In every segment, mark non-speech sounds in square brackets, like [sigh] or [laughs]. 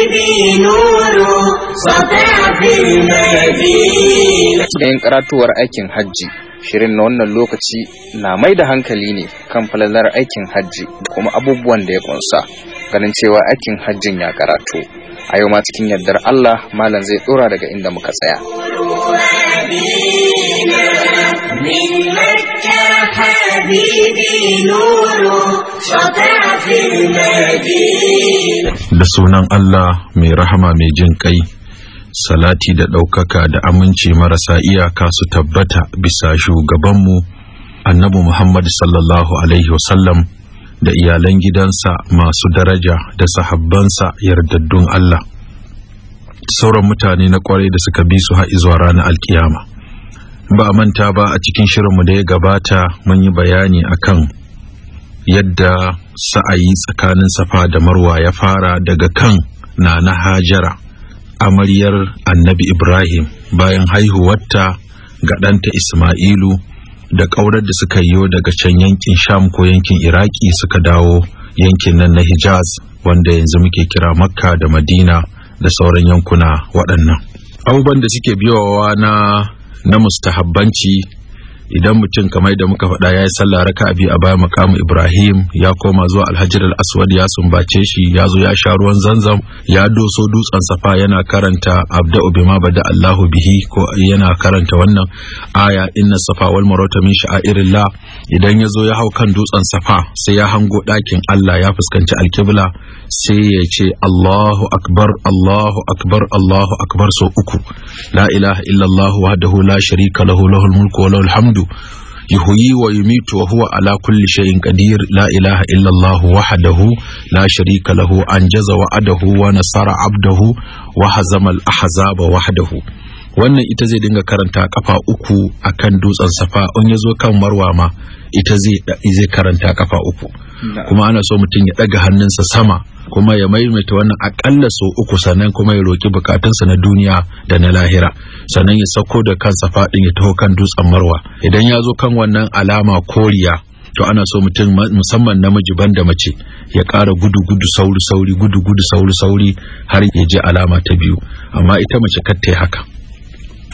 habibi karatuwar aikin hajji shirin na wannan lokaci na mai da hankali ne kan falalar aikin hajji da kuma abubuwan da ya kunsa ganin cewa aikin hajjin ya karatu a yau ma cikin yardar Allah malam zai tsora daga inda muka tsaya da sunan allah mai rahama mai jin kai salati da ɗaukaka da aminci marasa iyaka su tabbata bisa shugabanmu annabi Muhammad sallallahu Alaihi wasallam da iyalan gidansa masu daraja da sahabbansa yardaddun Allah sauran mutane na ƙwarai da suka bi su zuwa ranar alkiyama ba a manta ba a cikin shirinmu da ya gabata mun yi bayani akan yadda sa'ayi tsakanin safa da marwa ya fara daga kan na na hajara amaryar annabi ibrahim bayan haihuwarta ga ɗanta ismailu da ƙaurar da suka yiwo daga can yankin sham ko yankin iraki suka dawo yankin nan na hijaz wanda yanzu muke kira makka da madina da sauran yankuna waɗannan abubuwan da suke biyowa na na mustahabbanci idan mutum kamar da muka faɗa ya yi sallah raka biyu a bayan makamu ibrahim ya koma zuwa alhajar al-aswad ya sumbace shi ya zo ya sha ruwan zanzam ya doso dutsen safa yana karanta abda'u bima bada allahu bihi ko yana karanta wannan aya inna safa wal marwata min la. idan ya zo ya hau kan dutsen safa sai ya hango ɗakin allah ya fuskanci alkibla sai ya ce allahu akbar allahu akbar allahu akbar sau uku la ilaha illallah wahdahu la sharika lahu lahul mulku wa lahul hamdu yuhyidu yuhuyi wa yumitu wa huwa ala kulli shay'in qadir la ilaha illa Allah wahdahu la sharika lahu anjaza wa'adahu wa nasara 'abdahu wa hazama al-ahzaba wahdahu wannan ita zai dinga karanta kafa uku akan dutsen safa in yazo kan marwa ma ita zai zai karanta kafa uku kuma ana so mutum ya ɗaga hannunsa sama kuma ya maimaita wannan akalla so uku sannan kuma ya roki bukatunsa na duniya da na lahira sannan ya sauko da kansa faɗin ya taho kan dutsen marwa idan ya zo kan wannan alama koriya to ana so mutum musamman namiji banda mace ya ƙara gudu gudu sauri sauri gudu gudu sauri sauri har ya je alama ta biyu amma ita mace kar ta yi haka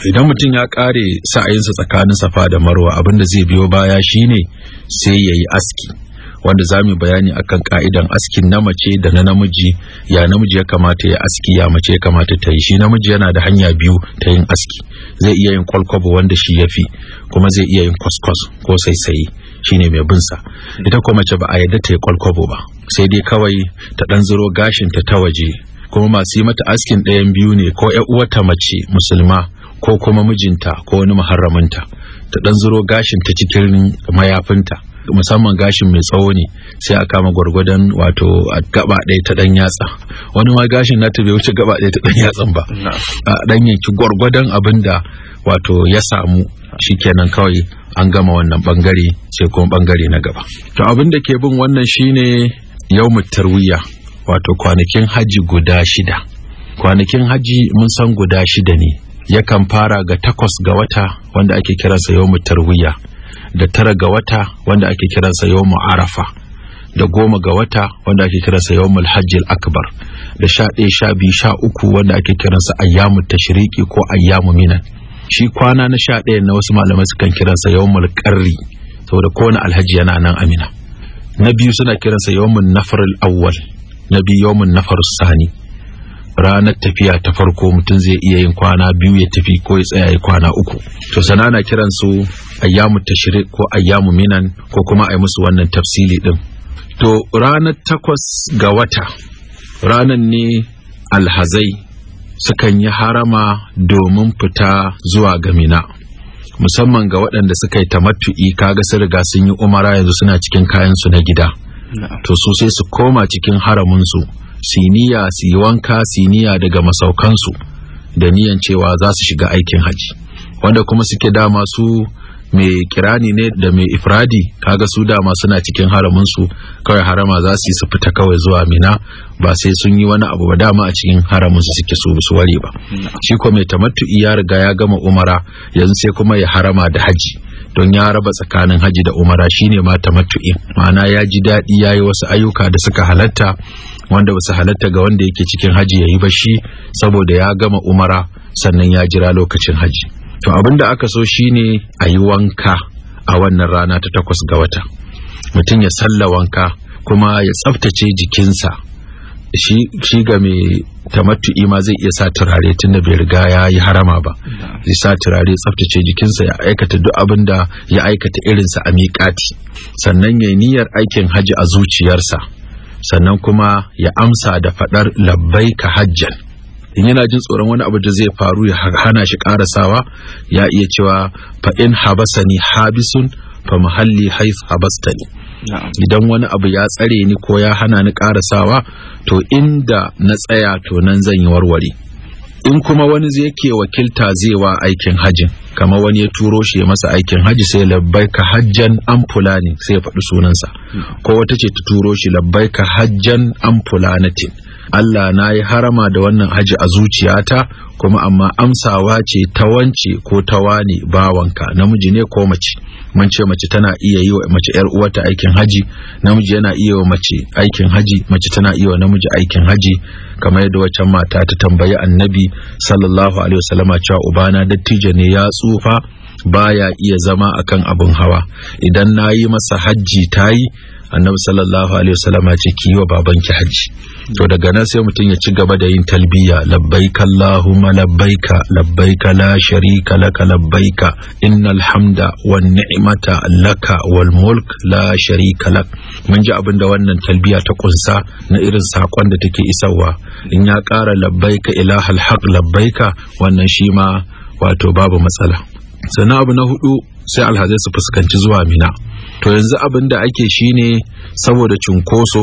idan mutum ya ƙare sa'ayinsa tsakanin safa da marwa abinda zai biyo baya shine sai ya yi aski wanda za mu bayani akan ka'idan askin na mace da na namiji ya namiji ya kamata ya aski ya mace ya kamata ta yi shi namiji yana da hanya biyu ta yin aski zai iya yin kwalkwabo wanda shi ya fi kuma zai iya yin kwaskwas ko saisaye shine mai bin sa ita kuma mace ba a yadda ta yi kwalkwabo ba sai dai kawai ta ɗan zuro gashin ta ta waje kuma masu yi mata askin ɗayan biyu ne ko ƴar uwarta mace musulma ko kuma mijinta ko wani muharraminta ta ɗan zuro gashin ta cikin mayafinta musamman gashin mai tsawo ne sai a kama gwargwadon wato a gaba ɗaya ta ɗan yatsa wani ma gashin nata bai wuce gaba ɗaya ta ɗan yatsan ba a ɗan yanki gwargwadon abin da wato ya samu shikenan kawai an gama wannan bangare sai kuma bangare na gaba to abinda ke bin wannan shine yau tarwiya wato kwanakin haji guda shida kwanakin haji mun san guda shida ne yakan fara ga takwas ga wata wanda ake kiransa yau tarwiya da tara ga wata wanda ake kiransa yawon arafa da goma ga wata wanda ake kiransa yau hajjil akbar da sha ɗaya sha biyu sha uku wanda ake kiransa ayyamu Tashiriki ko ayyamu minan shi kwana na sha ɗaya na wasu malamai sukan kiransa yawmul qarri saboda kowane alhaji yana nan amina na biyu suna kiransa yawmun nafar awwal na biyu yawmun nafar sani ranar tafiya ta farko mutum zai iya yin kwana biyu ya tafi ko ya tsaya ya kwana uku to sanana na kiran su ayyamu tashrik ko ayyamu minan ko kuma ai musu wannan tafsili din to ranar takwas ga wata ranan ne alhazai sukan yi harama domin fita zuwa ga mina musamman ga waɗanda suka yi tamattu'i kaga sun riga sun yi umara yanzu suna cikin kayan su na gida to su sai su koma cikin haramin su siniya su yi wanka siniya daga masaukansu da niyan cewa za su shiga aikin haji wanda kuma suke dama su mai kirani ne da mai ifradi kaga su dama suna cikin haraminsu kawai harama za su yi su fita kawai zuwa mina ba sai sun yi wani abu ba dama a cikin haraminsu suke su su ware ba shi ko mai tamattu ya riga ya gama umara yanzu sai kuma ya harama da haji don ya raba tsakanin haji da umara shine ma tamattu'i ma'ana ya ji daɗi ya yi wasu ayyuka da suka halatta wanda ba su halatta ga wanda yake cikin haji ya yi ba shi saboda ya gama umara sannan ya jira lokacin haji to abin da aka so shi ne a yi wanka a wannan rana ta takwas ga wata mutum ya salla wanka kuma ya tsaftace jikinsa shi ga mai tamattu ma zai iya sa turare tun da bai riga ya yi harama ba zai sa turare tsaftace jikinsa ya aikata duk abin da ya aikata irinsa a miƙati sannan ya yi niyyar aikin haji a zuciyarsa sannan kuma ya amsa da faɗar ka hajjan in yana jin tsoron wani abu da zai faru ya hana shi karasawa ya iya cewa fa in habasani habisun fa muhalli haif habastani idan wani abu ya tsare ni ko ya hana ni karasawa to inda na tsaya to nan zan yi warware in kuma wani zai ke wakilta zai wa aikin hajjin kama wani ya turo shi ya masa aikin hajji sai labbai ka hajjan an ne sai ya faɗi sunansa ko wata ce ta turo shi labbai ka hajjan an tin Allah na yi harama da wannan haji a zuciyata kuma amma amsawa ce ta wance ko ta wane bawanka namiji ne ko mace mun ce mace tana iya yi wa mace yar uwarta aikin haji namiji yana iya wa mace aikin haji mace tana iya wa namiji aikin haji kamar yadda waccan mata ta tambayi annabi sallallahu alaihi wasallama cewa ubana dattijo ne ya tsufa baya iya zama akan abun hawa idan nayi masa hajji tayi annabi sallallahu alaihi wasallam ce ki yi wa babanki hajji to daga nan sai mutum ya ci gaba da yin talbiya labbaika allahumma labbaika labbaika la sharika laka labbaika innal hamda wan ni'mata laka wal mulk la sharika lak mun ji abin da wannan talbiya ta kunsa na irin sakon da take isarwa in ya ƙara labbaika ilahal haq labbaika wannan shi ma wato babu matsala sannan abu na hudu sai alhazai su fuskanci zuwa mina to yanzu abin da ake ne saboda cunkoso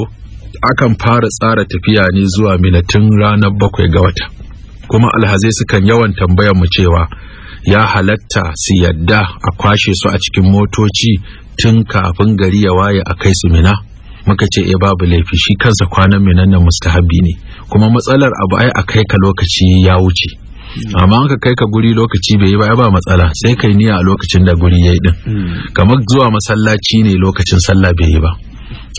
akan fara tsara tafiya ne zuwa mina tun ranar bakwai ga wata kuma alhazai sukan yawan tambayar mu cewa ya halatta su yadda a kwashe su a cikin motoci tun kafin gari ya waye a kai su mina muka ce e babu laifi shi kansa kwanan minan nan mustahabi ne kuma matsalar abu ai a kai ka lokaci ya wuce amma ka kai ka guri lokaci bai yi ba ya ba matsala sai kai niyya a lokacin da guri yayi din hmm. kamar zuwa masallaci ne lokacin sallah bai yi ba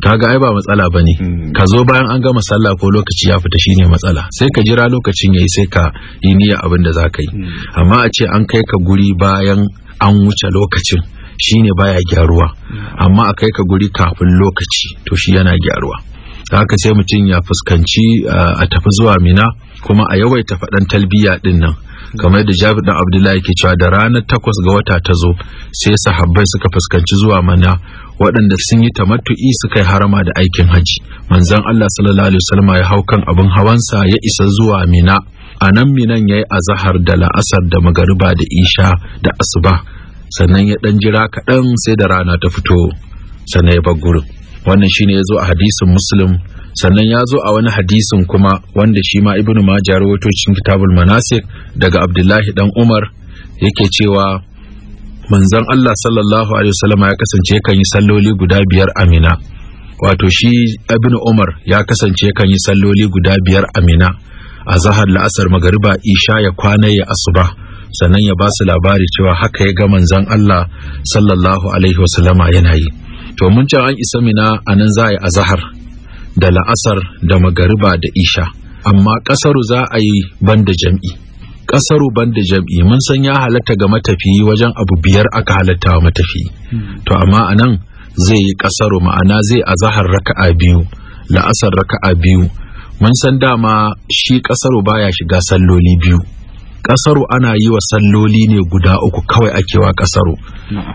kaga ai ba matsala bane hmm. ka zo bayan an gama sallah ko lokaci ya fita shine matsala sai ka jira lokacin yayi sai ka yi niya abin da zaka yi hmm. amma a ce an kai ka guri bayan an wuce lokacin shine baya gyaruwa amma a kai ka guri kafin lokaci to shi yana gyaruwa haka sai mutum ya fuskanci ah, a tafi zuwa mina kuma a yawaita faɗan talbiya ɗin nan kamar da jabi ɗan abdullahi ke cewa da ranar takwas ga wata ta zo sai sahabbai suka fuskanci zuwa mana waɗanda sun yi tamattu'i suka yi harama da aikin haji manzon allah sallallahu alaihi wasallam ya hau kan abin hawansa ya isa zuwa mina a nan minan ya yi azahar da la'asar da magariba da isha da asuba sannan ya ɗan jira kaɗan sai da rana ta fito sannan ya bar gurin wannan shine yazo a hadisin muslim sannan ya zo a wani hadisin kuma wanda shi ma ibnu majah rawato cikin kitabul manasik daga abdullahi dan umar yake cewa manzon Allah sallallahu alaihi wasallam ya kasance kan yi salloli guda biyar amina wato shi ibnu umar ya kasance kan yi salloli guda biyar amina a zahar la'asar magariba isha ya kwana ya asuba sannan ya ba su labari cewa haka ya ga manzon Allah sallallahu alaihi wasallama yana yi to mun can an isa mina a nan za a yi azahar da la'asar da magariba da isha amma ƙasaru za a yi banda jam'i ƙasaru banda jam'i mun san ya halatta ga matafiyi wajen abu biyar aka halatta wa matafiyi to amma a nan zai yi ƙasaru ma'ana zai azahar raka'a biyu la'asar raka'a biyu mun san dama shi ƙasaru baya shiga salloli biyu kasaru ana yi wa salloli ne guda uku kawai ake wa kasaru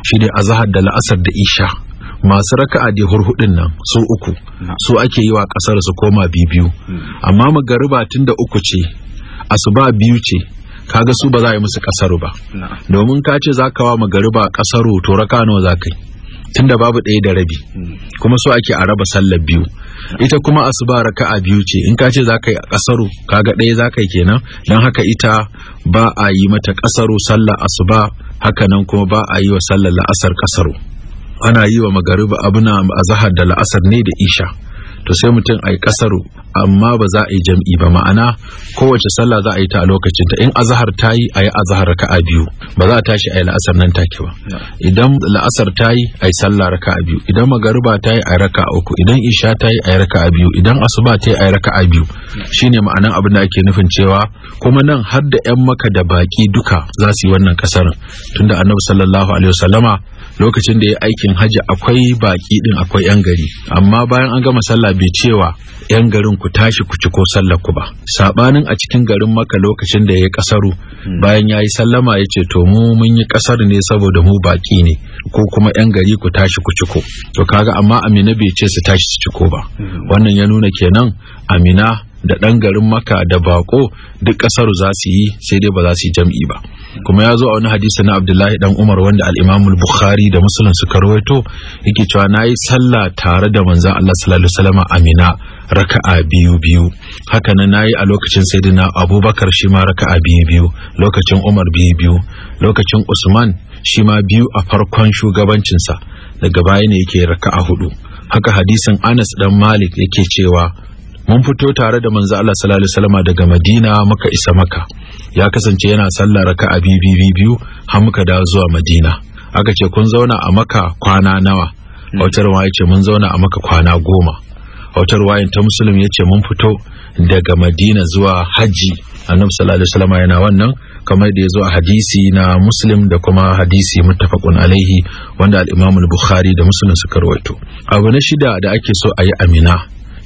shi ne azahar da la'asar da isha masu raka'a da hurhudin nan su uku su ake yi wa kasar su koma biyu hmm. amma magariba tun da uku ce asuba biyu ce kaga su ba za a yi musu kasaru ba domin ka ce za ka wa magariba kasaru to raka nawa za ka yi tun da babu ɗaya da rabi hmm. kuma su ake a raba sallar biyu ita kuma asuba raka'a biyu ce in ka ce za ka yi ƙasaru kaga ɗaya za ka yi kenan don haka ita ba a yi mata ƙasaru sallar asuba haka nan kuma ba a yi wa sallar la'asar ƙasaru ana yi wa magariba abuna a zahar da la'asar ne da isha to sai mutum a yi kasaru amma ba za a yi jam'i ba ma'ana kowace sallah za a yi ta a lokacin ta in azahar ta yi a yi azahar raka'a biyu ba za a tashi a yi la'asar nan take ba idan la'asar ta yi a yi sallah raka'a biyu idan magariba ta yi a yi raka'a uku idan isha ta yi a yi raka'a biyu idan asuba ta yi a yi raka'a biyu shine ma'anan abin da ake nufin cewa kuma nan har da yan maka da baki duka za su yi wannan kasarin tunda annabi sallallahu alaihi lokacin da ya aikin hajji akwai baki din akwai yan gari amma bayan an gama sallah bai cewa yan garin ku tashi ku ci ko sallar ku ba sabanin a cikin garin maka lokacin da ya kasaru hmm. bayan ya yi sallama ya ce to mu mun yi kasar ne saboda mu baki ne ko kuma yan gari ku tashi ku ciko to kaga amma amina bai ce su tashi su ciko ba hmm. wannan ya nuna kenan amina da ɗan garin maka da bako duk ƙasar za su yi sai dai ba za su yi jam'i ba kuma ya zo a wani hadisi na abdullahi dan umar wanda al'imamul bukhari da musulun suka rawaito yake cewa na yi sallah tare da manzan allah sallallahu alaihi wasallam amina raka'a biyu biyu haka nan na yi a lokacin saidina abubakar shi ma raka'a biyu biyu lokacin umar biyu biyu lokacin usman shi ma biyu a farkon shugabancinsa daga baya ne yake raka'a hudu haka hadisin anas dan malik yake cewa mun fito tare da manzo Allah sallallahu alaihi wasallam daga Madina muka isa maka ya kasance yana sallar raka'a biyu biyu har muka da zuwa Madina aka ce kun zauna a maka kwana nawa hmm. wata wa yace mun zauna a maka kwana goma wa ruwa ta musulun ya ce mun fito daga madina zuwa hajji annabi sallallahu alaihi wasallam yana wannan kamar da ya zo a hadisi na muslim da kuma hadisi muttafaqun alaihi wanda al-imam al-bukhari da muslim suka rawaito abu na shida da ake so a yi amina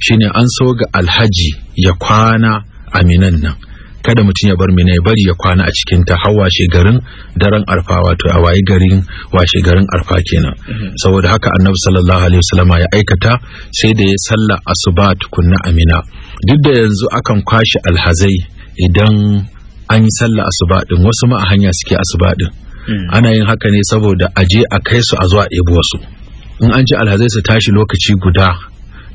shine an so ga alhaji ya kwana a minan nan kada mutum ya bar mina ya bari ya kwana a cikin ta hawa washe daren arfa wato a waye garin washe garin arfa kenan mhm. saboda haka annabi sallallahu alaihi wasallam ya aikata sai da ya salla asuba tukunna amina duk da yanzu akan kwashi alhazai idan an yi salla asuba din wasu ma a hanya suke asuba din hmm. ana yin haka ne saboda aje a kai su a zuwa ebuwa su. in an ji alhazai su tashi lokaci guda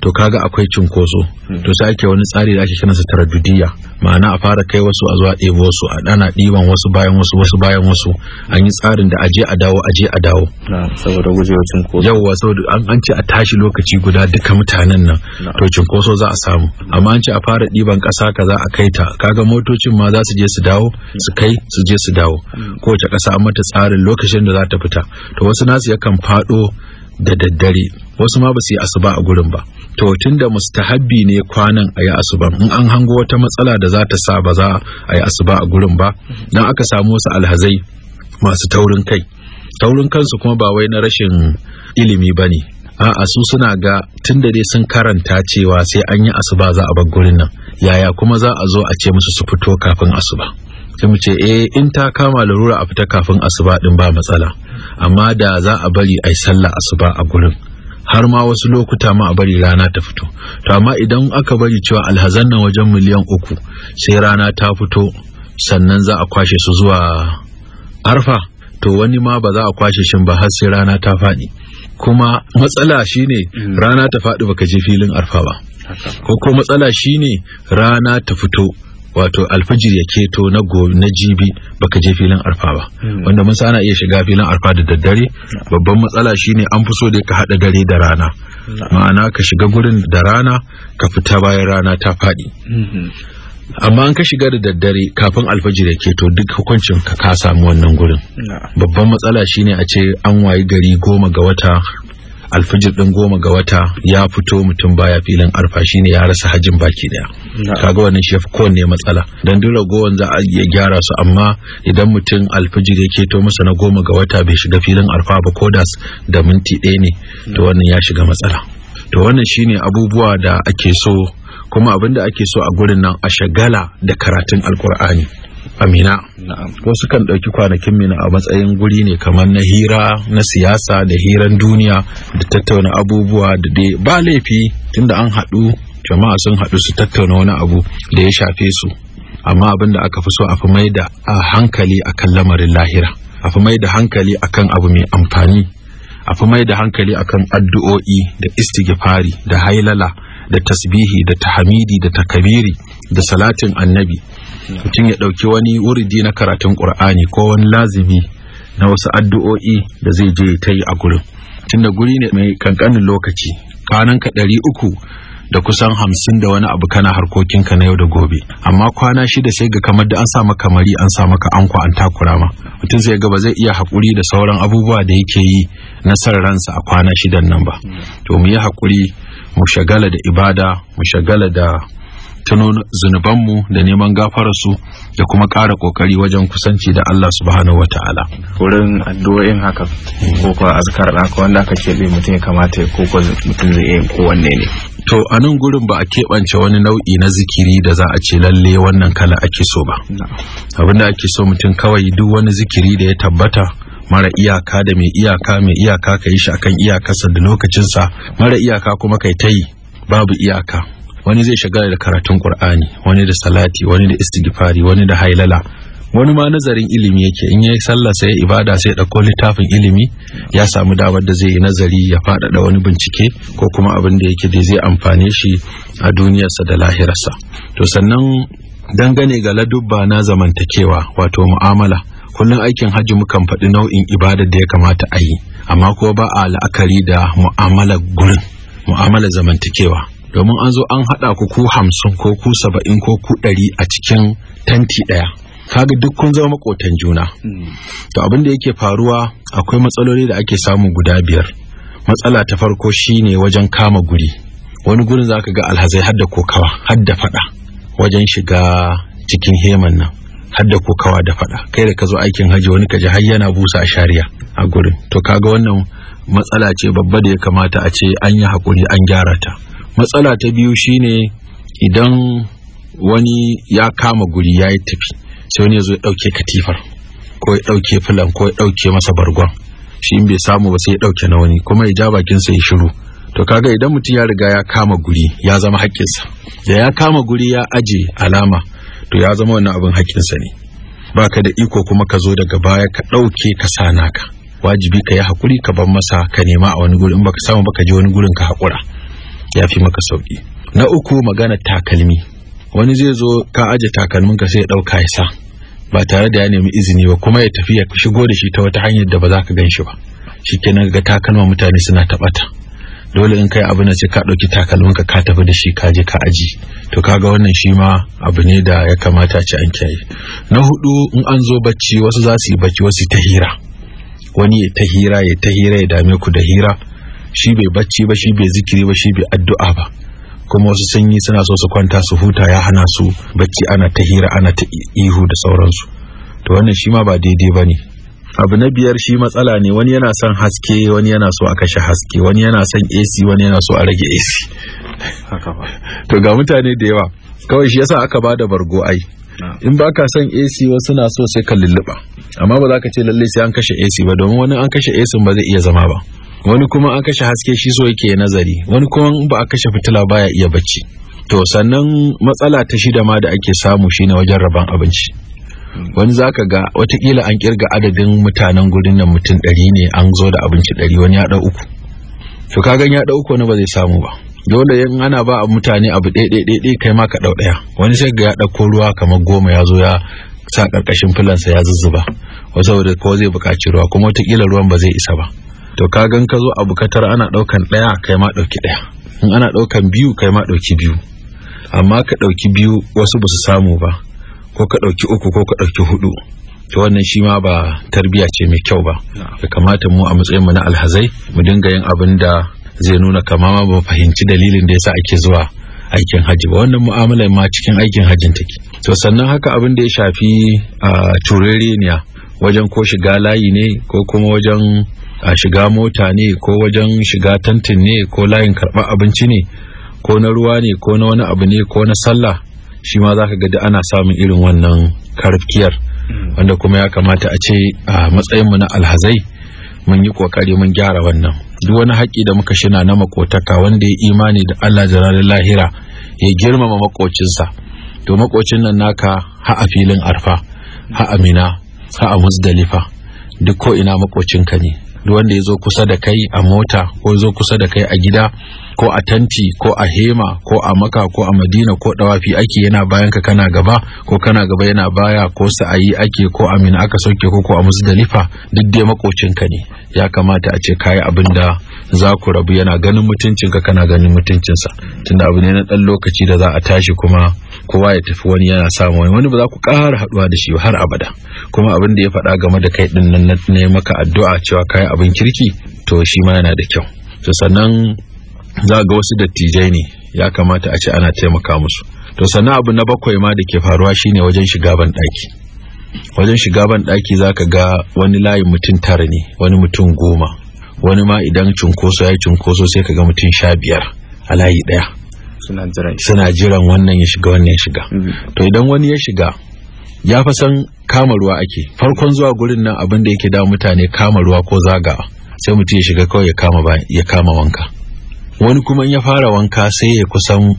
to kaga akwai cunkoso hmm. to sai ake wani tsari da ake sa taraddudiyya ma'ana a fara kai wasu a zuwa ɗebo su a ɗana ɗiban wasu bayan wasu wasu bayan wasu an yi tsarin da aje a dawo aje a dawo saboda gujewa cinkoso yawwa saboda an ce a tashi lokaci guda duka mutanen nan to cunkoso za a samu amma an ce a fara ɗiban ƙasa kaza a kai ta kaga motocin ma za su je su dawo su kai su je su dawo hmm. kowace ƙasa an mata tsarin lokacin da za ta fita to wasu nasu yakan faɗo da daddare wasu ma ba su yi asuba a gurin ba to tunda mustahabbi ne kwanan a yi asuba in an hango wata matsala da za ta sa ba za a yi asuba a gurin ba dan aka samu wasu alhazai masu taurin kai taurin kansu kuma ba wai na rashin ilimi ba ne a'a su suna ga tunda dai sun karanta cewa sai an yi asuba za a bar gurin nan yaya kuma za a zo a ce musu su fito kafin asuba sai mu ce eh in ta kama larura a fita kafin asuba din ba matsala amma da za a bari ai sallah asuba a gurin har ma wasu lokuta ma a bari rana ta fito to amma idan aka bari cewa alhazan nan wajen miliyan uku sai rana ta fito sannan za a kwashe su zuwa arfa to wani ma ba za a kwashe shi ba har sai rana ta faɗi kuma matsala shine mm. rana ta faɗi baka je filin arfa ba ko ko matsala shine rana ta fito wato alfajir ya keto na gobe na jibi baka je filin arfa ba hmm. wanda mun ana iya shiga filin arfa da daddare hmm. babban matsala shine an fi so da ka hada dare da rana hmm. ma'ana ka shiga gurin da rana ka fita bayan rana ta faɗi amma an ka shiga da daddare kafin alfajir ya keto duk hukuncin ka ka samu wannan gurin babban matsala shine a ce an wayi gari goma ga wata alfijir din goma ga wata ya fito mutum baya filin arfa shine ya rasa hajin baki daya kaga wannan shi kowanne matsala dan dole gowan za a iya gyara su amma idan mutum alfijir ya keto masa na goma ga wata bai shiga filin arfa ba ko da minti ɗaya ne to wannan ya shiga matsala to wannan shine abubuwa da ake so kuma abinda ake so a gurin nan a shagala da karatun alkur'ani amina wasu kan ɗauki kwanakin mina a matsayin guri ne kamar na hira na siyasa da hiran duniya da tattauna abubuwa da dai ba laifi tunda an haɗu jama'a sun haɗu su tattauna wani abu da ya shafe su amma abin da aka fi so a fi mai da hankali a kan lamarin lahira a fi mai da hankali a kan abu mai amfani a fi mai da hankali a kan addu'o'i da istighfari da hailala da tasbihi da tahamidi da takabiri da salatin annabi mutum ya ɗauki wani wuridi na karatun ƙur'ani ko wani lazimi na wasu addu'o'i da zai je ta yi a gurin tunda guri ne mai kankanin lokaci kwananka ɗari uku da kusan hamsin da wani abu kana harkokinka na yau da gobe amma kwana shida sai ga kamar da an sa kamari mari an sa maka anko an takura ma mutum sai ga ba zai iya haƙuri da sauran abubuwa da yake yi na san ransa a kwana shidan nan ba to mu yi haƙuri mu shagala da ibada mu shagala da tuno zunubanmu da neman gafararsu da kuma ƙara ƙoƙari wajen kusanci da Allah subhanahu wa ta'ala. Wurin addu'o'in haka ko kuwa azkar haka wanda aka keɓe mutum ya kamata ko koko mutum zai ko wanne ne. To a nan gurin ba a keɓance wani nau'i na zikiri da za a ce lalle wannan kala ake so ba. Abin da ake so mutum kawai duk wani zikiri da ya tabbata mara iyaka da mai iyaka mai iyaka ka yi shi akan iyakarsa da lokacinsa mara iyaka kuma kai ta yi babu iyaka wani zai shiga da karatun qur'ani wani da salati wani da istighfari wani da hailala wani ma nazarin ilimi yake in yayi sallah sai ibada sai dauko littafin ilimi ya samu damar da zai yi nazari ya faɗaɗa wani bincike ko kuma abin da yake da zai amfane shi a duniyarsa da lahirarsa to sannan dangane ga ladubba na zamantakewa wato mu'amala kullum aikin hajji mukan faɗi nau'in ibada da ya kamata a yi amma ko ba a la'akari da mu'amala gurin mu'amala zamantakewa domin an zo an haɗa ku ku hamsin ko ku saba'in ko ku ɗari a cikin tanti ɗaya kaga duk kun zama makotan juna hmm. to abin da yake faruwa akwai matsaloli da ake samu guda biyar matsala ta farko shine wajen kama guri wani gurin za ka ga alhazai hadda kokawa hadda faɗa wajen shiga cikin heman nan hadda kokawa da faɗa. kai da ka zo aikin haji wani kaji har yana busa a shari'a a gurin to kaga wannan matsala ce babba da ya kamata a ce an yi hakuri an gyara ta matsala ta biyu shine idan wani ya kama guri ya yi tafi sai wani ya zo ya ɗauke katifar ko ya ɗauke filan ko ya ɗauke masa bargon shi in bai samu ba sai ya ɗauke na wani kuma ya ja bakin sa ya shiru to kaga idan mutum ya riga ya kama guri ya zama haƙƙinsa da ya kama guri ya aje alama to ya zama wannan abin haƙƙinsa ne baka da iko kuma ka zo daga baya ka ɗauke ka sa naka wajibi ka yi haƙuri ka bar masa ka nema a wani guri in baka samu baka je wani gurin ka haƙura ya fi maka sauki na uku magana takalmi wani zai zo ka aje ka sai ya ɗauka ya sa ba tare da ya nemi izini ba kuma ya tafi ya shigo da shi ta wata hanyar da ba za ka gan shi ba shikenan ga takalma mutane suna taɓata dole in kai abu na sai ka ɗauki takalminka ka tafi da shi ka je ka aji to kaga wannan shi ma abu ne da ya kamata ci an kiyaye na hudu in an zo bacci wasu za su yi bacci wasu ta hira wani ya ta hira ya ta hira ya dame ku da hira shi bai bacci ba shi bai zikiri ba shi bai addu'a ba kuma wasu sanyi suna so su kwanta su huta ya hana su bacci ana ta hira ana ta ihu da sauransu to wannan shi ma ba daidai ba ne abu na biyar shi matsala ne wani yana son haske wani yana so a kashe haske wani yana son ac wani yana so a rage ac [laughs] to ga mutane da yawa kawai shi yasa aka ba da bargo ai in ba ka son ac wasu na so sai ka lulluɓa amma ba za ka ce lallai sai an kashe ac ba domin wani an kashe ac ba zai iya zama ba wani kuma an kashe haske shi so yake nazari wani kuma ba a kashe fitila baya iya bacci to sannan matsala ta shida ma da ake samu shine wajen rabon abinci wani zaka ga watakila an kirga adadin mutanen gurin nan mutum ɗari ne an zo da abinci ɗari wani ya ɗau uku to ka gan ya ɗau uku wani ba zai samu ba dole in ana ba mutane abu dai-dai kai ma ka ɗau ɗaya wani sai ga ya ɗauko ruwa kamar goma ya zo ya sa karkashin filansa ya zuzzuba da ko zai buƙaci ruwa kuma watakila ruwan ba zai isa ba to ka gan ka zo abu katar ana daukan daya kai ma dauki daya in ana daukan biyu kai ma dauki biyu amma ka dauki biyu wasu ba su samu ba ko ka dauki uku ko ka dauki hudu to wannan shi ma ba tarbiya ce mai kyau ba ya kamata mu a matsayin mu na alhazai mu dinga yin abin da zai nuna kama ma ba fahimci dalilin da yasa ake zuwa aikin hajji ba wannan mu'amalar ma cikin aikin hajjin take to sannan haka abin da ya shafi a ah, turereniya wajen ko shiga layi ne ko kuma wajen a shiga mota ne ko wajen shiga tantin ne ko layin karɓar abinci ne ko na ruwa ne ko na wani abu ne ko na sallah shi ma za ka ga ana samun irin wannan karfiyar? Hmm. wanda kuma ya kamata a ce a matsayinmu na alhazai mun yi kokari mun gyara wannan duk wani haƙƙi da muka shina na makotaka wanda ya imani da Allah jalalar lahira ya girmama makocinsa to makocin nan naka ha a filin arfa ha amina ha a musdalifa duk ko ina makocinka ne duk wanda ya zo kusa da kai a mota ko zo kusa da kai a gida ko a tanti ko a hema ko a maka ko a madina ko dawafi ake yana bayan ka kana gaba ko kana gaba yana baya ko sa'ayi ake ko a aka sauke ko ko a musdalifa duk dai makocinka ne ya kamata a ce kai abin da za ku rabu yana ganin mutuncinka kana ganin mutuncinsa tunda abu ne na dan lokaci da za a tashi kuma kowa ya tafi wani yana samu wani wani ba za ku ƙara haɗuwa da shi har abada kuma abin da ya faɗa game da kai ɗin nan na maka addu'a cewa kayi abin kirki to shi ma yana da kyau to sannan za ga wasu dattijai ne ya kamata a ce ana taimaka musu to sannan abu na bakwai ma da ke faruwa shine wajen shiga ban wajen shiga ban ɗaki za ka ga wani layin mutum tara ne wani mutum goma wani ma idan cunkoso ya yi cunkoso sai ka ga mutum sha biyar a layi ɗaya suna jiran wannan ya shiga wannan ya shiga mm-hmm. to idan wani ya shiga ya fa san kama ruwa ake farkon zuwa gurin nan abin da yake da mutane kama ruwa ko zaga sai mutum ya shiga kawai ya kama ya kama wanka wani kuma in ya fara wanka sai ya kusan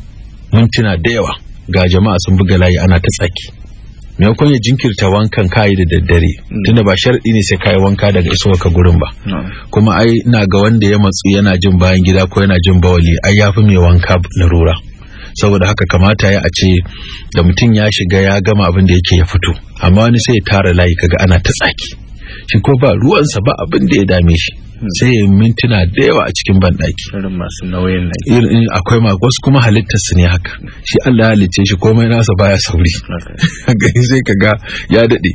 mintuna da yawa ga jama'a sun buga layi ana ta tsaki maimakon ya jinkirta wankan kayi da daddare mm. tunda ba sharɗi ne sai kayi wanka daga isowa ka gurin ba kuma ai ina ga wanda ya matsu yana jin bayan gida ko yana jin bawali ai yafi mai wanka larura saboda haka kamata ya a ce da mutum ya shiga ya gama abin da yake ya fito amma wani sai ya tara layi kaga ana ta tsaki shi ko ba ruwansa ba abin da ya dame shi hmm. sai ya mintuna da yawa a cikin banɗaki irin masu akwai ma wasu kuma halittar su ne haka hmm. shi Allah ya halice shi komai nasa baya sauri gani [laughs] sai ka ga ya daɗe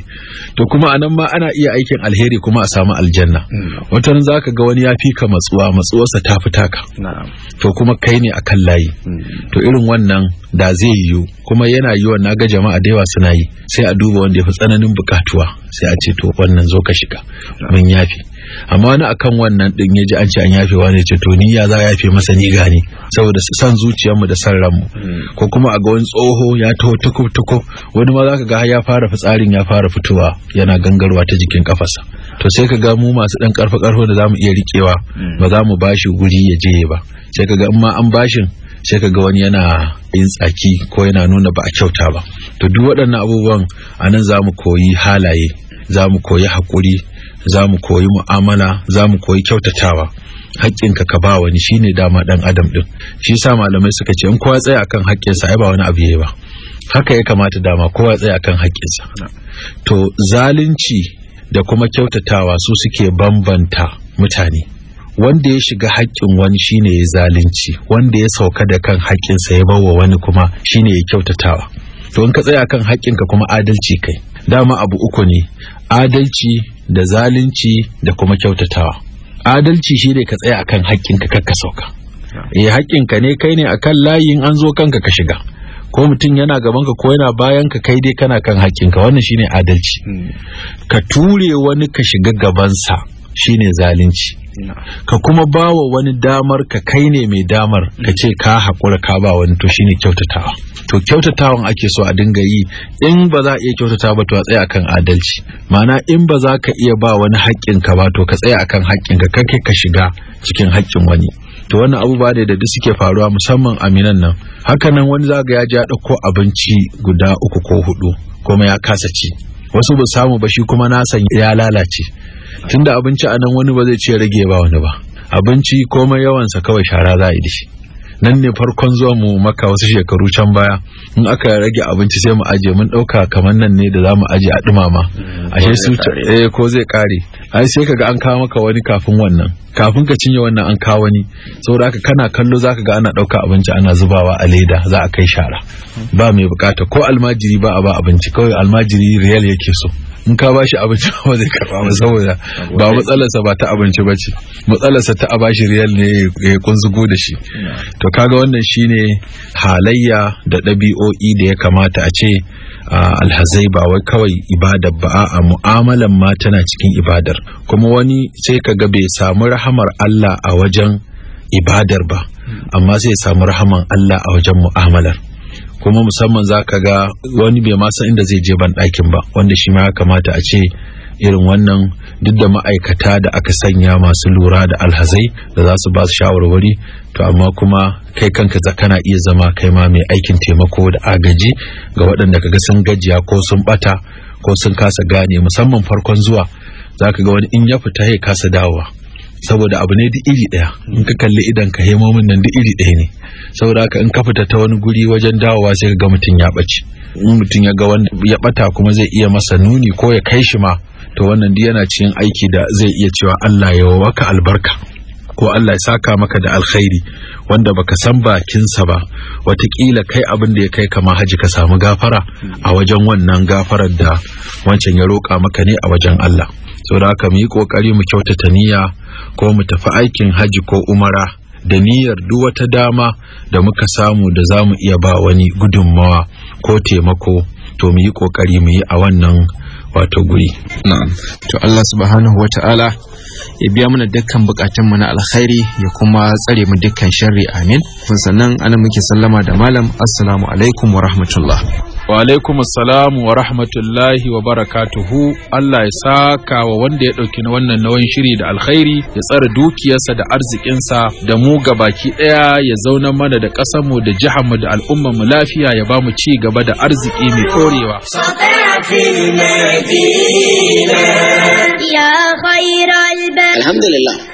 to kuma anan ma ana iya aikin alheri kuma a samu aljanna hmm. wata za ka ga wani ya fi ka matsuwa matsuwarsa ta fi taka to kuma kai ne akan layi to irin wannan da zai yiwu kuma yana yiwa na ga jama'a da yawa suna yi sai a duba wanda ya fi tsananin bukatuwa sai a ce to wannan zo ka shiga mun yafe amma wani akan wannan din yaji an ce an yafe wani ce to ni ya za yafe masa ni gani saboda san zuciyarmu da san ranmu ko kuma a ga wani tsoho ya taho tukub tukub wani ma zaka ga ya fara fitsarin ya fara fitowa yana gangarwa ta jikin kafarsa to sai ka ga mu masu dan karfa karfa da zamu iya rikewa ba za mu bashi guri ya je ba sai ka ga in ma an bashin sai ka ga wani yana yin tsaki ko yana nuna ba a kyauta ba to duk waɗannan abubuwan a nan za mu koyi halaye za mu koyi haƙuri za mu koyi mu'amala za mu koyi kyautatawa haƙƙinka ka ba wani shine dama ɗan adam ɗin shi yasa malamai suka ce in kowa tsaya akan haƙƙinsa ai ba wani abu yayi ba haka ya kamata dama kowa tsaya akan haƙƙinsa to zalunci da kuma kyautatawa su suke bambanta mutane wanda ya shiga haƙƙin wani shine ya zalunci wanda ya sauka da kan haƙƙinsa ya bawa wani kuma shine ya kyautatawa to in ka tsaya kan haƙƙinka kuma adalci kai dama abu uku ne adalci da zalunci da kuma kyautatawa adalci shine ka tsaya akan haƙƙinka kakka sauka eh haƙƙinka ne kai ne akan layin an zo kanka ka shiga ko mutum yana gaban ka ko yana bayan ka kai dai kana kan haƙƙinka wannan shine adalci hmm. ka ture wani ka shiga gabansa shine zalunci ka kuma ba wa wani damar ka kai ne mai damar ka ce ka haƙura ka ba wani to shine kyautatawa to kyautatawan ake so a dinga yi in ba za a iya kyautata ba to a tsaya akan adalci ma'ana in ba za ka iya ba wani haƙƙin ka ba to ka tsaya akan haƙƙin ka kake ka shiga cikin haƙƙin wani to wannan abubuwa ne da duk suke faruwa musamman aminan nan Haka nan wani za ga ya ja ɗauko abinci guda uku ko hudu kuma ya kasa ci wasu ba samu ba shi kuma na nasan ya lalace tunda abinci a nan wani ba zai ce rage ba wani ba abinci komai yawansa kawai shara za a yi da shi nan ne farkon zuwa mu maka wasu shekaru can baya in aka rage abinci sai mu aje mun ɗauka kamar nan ne da zamu aje a dumama mm, ashe su eh ko zai kare ai sai kaga an kawo maka wani kafin wannan kafin ka cinye wannan an kawo wani saboda haka kana kallo zaka ga ana dauka abinci ana zubawa a leda za a kai shara ba mai bukata ko almajiri ba a ba abinci kawai almajiri real yake so in ka bashi abinci [laughs] ba zai karba ba saboda ba matsalarsa ba ta abinci ba ce matsalarsa ta a bashi riyal ne ya kunzugo da shi to kaga wannan shine halayya da ɗabi'o'i da ya kamata a ce alhazai ba wai kawai ibadar ba a mu'amalan ma tana cikin ibadar kuma wani sai ka ga bai samu rahamar Allah a wajen ibadar ba hmm. amma sai samu rahaman Allah a wajen mu'amalar kuma musamman za ka ga wani bai masa inda zai je ban ɗakin ba wanda shi ma ya kamata a ce irin wannan duk da ma'aikata da aka sanya masu lura da alhazai da za su ba su shawarwari to amma kuma kai kanka kana iya zama kai ma mai aikin taimako da agaji ga waɗanda ka ga sun gajiya ko sun ɓata ko sun kasa gane musamman farkon zuwa za ka ga wani in ya fita ya kasa dawowa saboda abu ne duk iri daya in ka kalli idan ka hemomin nan duk iri ɗaya ne saboda haka in ka fita ta wani guri wajen dawowa sai ka ga mutum ya ɓace in mutum ya ga wanda ya ɓata kuma zai iya masa nuni ko ya kai shi ma to wannan duk yana cikin aiki da zai iya cewa Allah ya waka albarka ko Allah ya saka maka da alkhairi wanda baka san bakinsa ba watakila kai abin da ya kai kama haji ka samu gafara a wajen wannan gafarar da wancan ya roƙa maka ne a wajen Allah saboda haka mu yi kokari mu kyautata niyya ko mu tafi aikin haji ko umara da niyyar duk wata dama da muka samu da za mu iya ba wani gudunmawa ko taimako to mu yi kokari mu yi a wannan wato guri. Na'am. To Allah subhanahu wa ya biya mana dukkan bukatun mu na alkhairi ya kuma tsare mu dukkan sharri amin. Sannan ana muke sallama da malam assalamu alaikum wa rahmatullah. wa alaikum wa rahmatullahi wa barakatuhu Allah ya saka wa wanda ya ɗauki na wannan nawan shiri da alkhairi ya tsara dukiyarsa da arzikinsa da mu baki ɗaya ya zauna mana da ƙasarmu da mu da al'ummarmu lafiya ya ba mu ci gaba da arziki mai ɗorewa. Alhamdulillah.